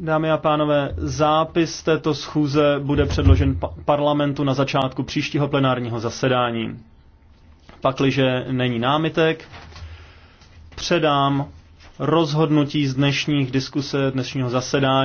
Dámy a pánové, zápis této schůze bude předložen parlamentu na začátku příštího plenárního zasedání. Pakliže není námitek, předám rozhodnutí z dnešních diskuse, dnešního zasedání.